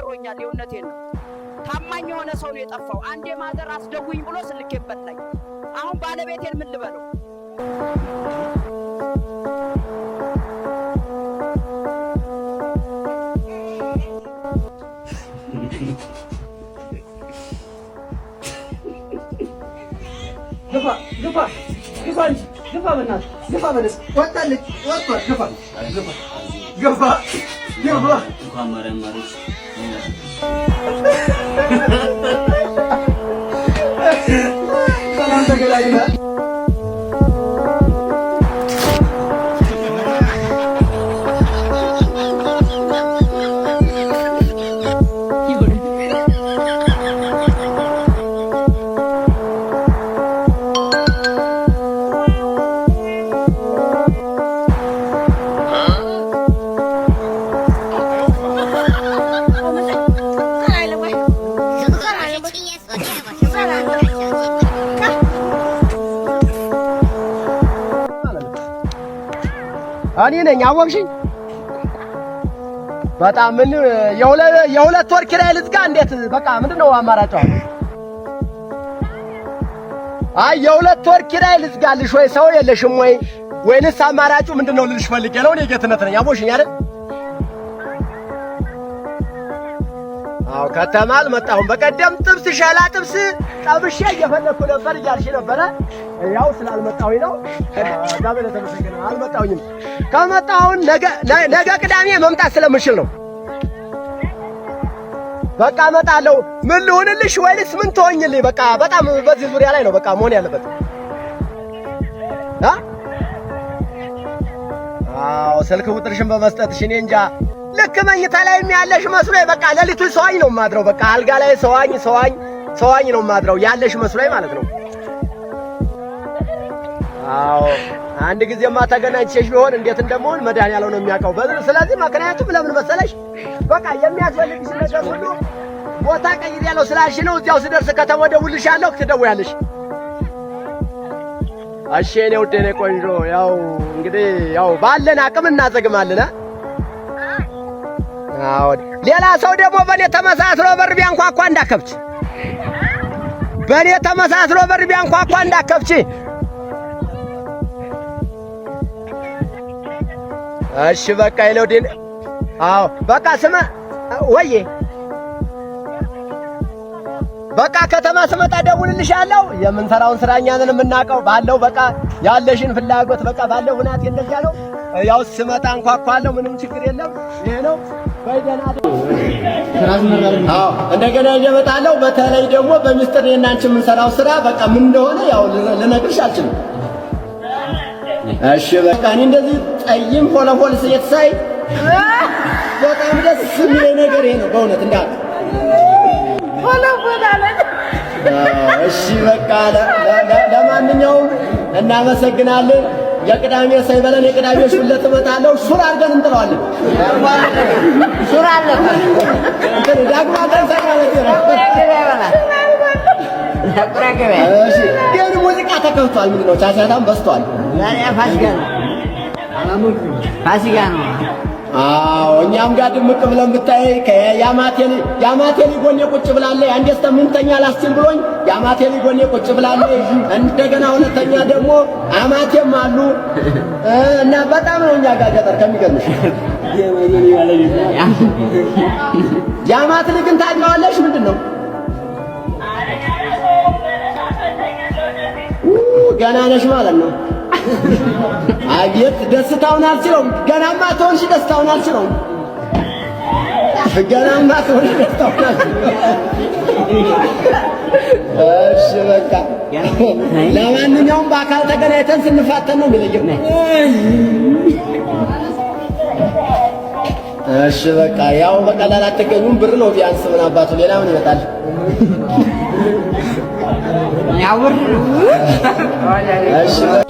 አስቀሮኛል። የእውነቴ ነው። ታማኝ የሆነ ሰው ነው የጠፋው። አንዴ ማዘር አስደጉኝ ብሎ ስልኬበት ላይ አሁን ባለቤቴን ምን ልበለው? ግፋ ግፋ ግፋ ግፋ በእናትህ ግፋ በለስ ወጣለች ወጥቷል ግፋ ግፋ ግፋ ግፋ Salam tak lagi lah. እኔ ነኝ አወቅሽኝ። በጣም ምን የሁለት ወር ኪራይ ልዝጋ? እንዴት በቃ ምንድነው አማራጫው? አይ የሁለት ወር ኪራይ ልዝጋልሽ ወይ ሰው የለሽም ወይ ወይንስ አማራጩ ምንድነው ልልሽ ፈልጌ ነው። እኔ ጌትነት ነኝ አወቅሽኝ አይደል? አዎ ከተማ አልመጣሁም። በቀደም ጥብስ ሸላ ጥብስ ጠብሼ እየፈለኩ ነበር እያልሽ ነበረ ያው ስላልመጣሁኝ ነው። ዳበለ ተመሰገነ። አልመጣሁኝም። ከመጣሁን ነገ ቅዳሜ መምጣት ስለምችል ነው። በቃ እመጣለሁ። ምን ልሁንልሽ ወይስ ምን ትሆኝልኝ? በቃ በጣም በዚህ ዙሪያ ላይ ነው በቃ መሆን ያለበት። አዎ ስልክ ቁጥርሽን በመስጠትሽ እኔ እንጃ ልክ መኝታ ላይም ያለሽ መስሎኝ በቃ ሌሊቱን ሰዋኝ ነው የማድረው። በቃ አልጋ ላይ ሰዋኝ ሰዋኝ ሰዋኝ ነው የማድረው ያለሽ መስሎኝ ማለት ነው። አዎ አንድ ጊዜማ ተገናኝተሽ ቢሆን እንዴት እንደመሆን መድኃኒዓለም ነው የሚያውቀው። ስለዚህ ምክንያቱም ለምን መሰለሽ በቃ የሚያስፈልግሽ ነገር ሁሉ ቦታ ቀይር ያለው ስላልሽ ነው። እዚያው ስደርስ ከተመደውልሽ ያለው ትደውያለሽ። እሺ የኔ ውድ የኔ ቆንጆ፣ ያው እንግዲህ ያው ባለን አቅም እናዘግማለን። አዎ ሌላ ሰው ደግሞ በእኔ ተመሳስሎ በር ቢያንኳኳ እንዳከብች፣ በእኔ ተመሳስሎ በር ቢያንኳኳ እንዳከብች እሺ በቃ ይለው አዎ በቃ ስመ ወይ በቃ ከተማ ስመጣ ደውልልሻለሁ። የምንሰራውን ስራ እኛ ነን የምናውቀው። ባለው በቃ ያለሽን ፍላጎት በቃ ባለው ሁናት እንደዚህ ያለው ያው ስመጣ እንኳኳለሁ። ምንም ችግር የለም። ይሄ ነው እንደገና እየመጣለሁ። በተለይ ደግሞ በሚስጥር የናንቺ የምንሰራው ስራ በቃ ምን እንደሆነ ያው ልነግርሽ አልችልም። እሺ በቃ እኔ እንደዚህ ጠይም ሆለ ሆል ሴት ሳይ በጣም ደስ የሚለኝ ነገር ይሄ ነው በእውነት እንዳለ ሆለ ሆል አለ። እሺ በቃ ለማንኛውም እናመሰግናለን። የቅዳሜ ሳይበለን የቅዳሜ ሹለት እመጣለሁ። ሹር አድርገን እንጥለዋለን። ሹር አለ ዳግማ ቀን ሳይባለት ነው ግን ሙዚቃ ተከፍቷል። ምንድን ነው ቻቻታም በዝቷል። ፋሲካ ነው። አዎ እኛም ጋር ድምቅ ብለን ብታይ ያማቴሊ ጎኔ ቁጭ ብላለ። አንዴ ስምንተኛ ላስችል ብሎኝ ያማቴሊ ጎኔ ቁጭ ብላለ። እንደገና ሁለተኛ ደግሞ አማቴም አሉ እና በጣም ነው እኛ ጋር ገጠር ከሚገርምሽ ያማት ልግን ታውቂዋለሽ ምንድን ነው ገና ነሽ ማለት ነው። አየት ደስታውን አልችለውም። ገናማ ትሆንሽ ደስታውን አልችለውም። ገናማ ትሆንሽ ደስታውን አልችለውም። እሺ በቃ ለማንኛውም በአካል ተገናኝተን ስንፋተን ነው የሚለየው። እሺ በቃ ያው በቀላል አትገኙም። ብር ነው ቢያንስ ምን አባቱ ሌላ ምን ይመጣል? ያው ብር ነው።